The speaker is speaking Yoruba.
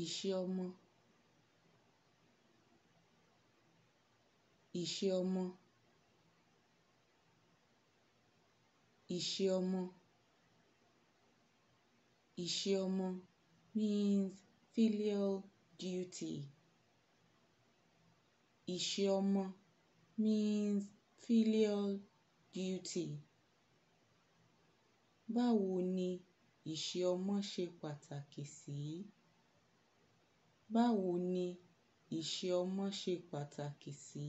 ìṣe ọmọ ìṣe ọmọ ìṣe ọmọ ìṣe ọmọ means filial duty ìṣe ọmọ means filial duty báwo ni ìṣe ọmọ ṣe pàtàkì sí Báwo ni ìṣe ọmọ ṣe pàtàkì sí?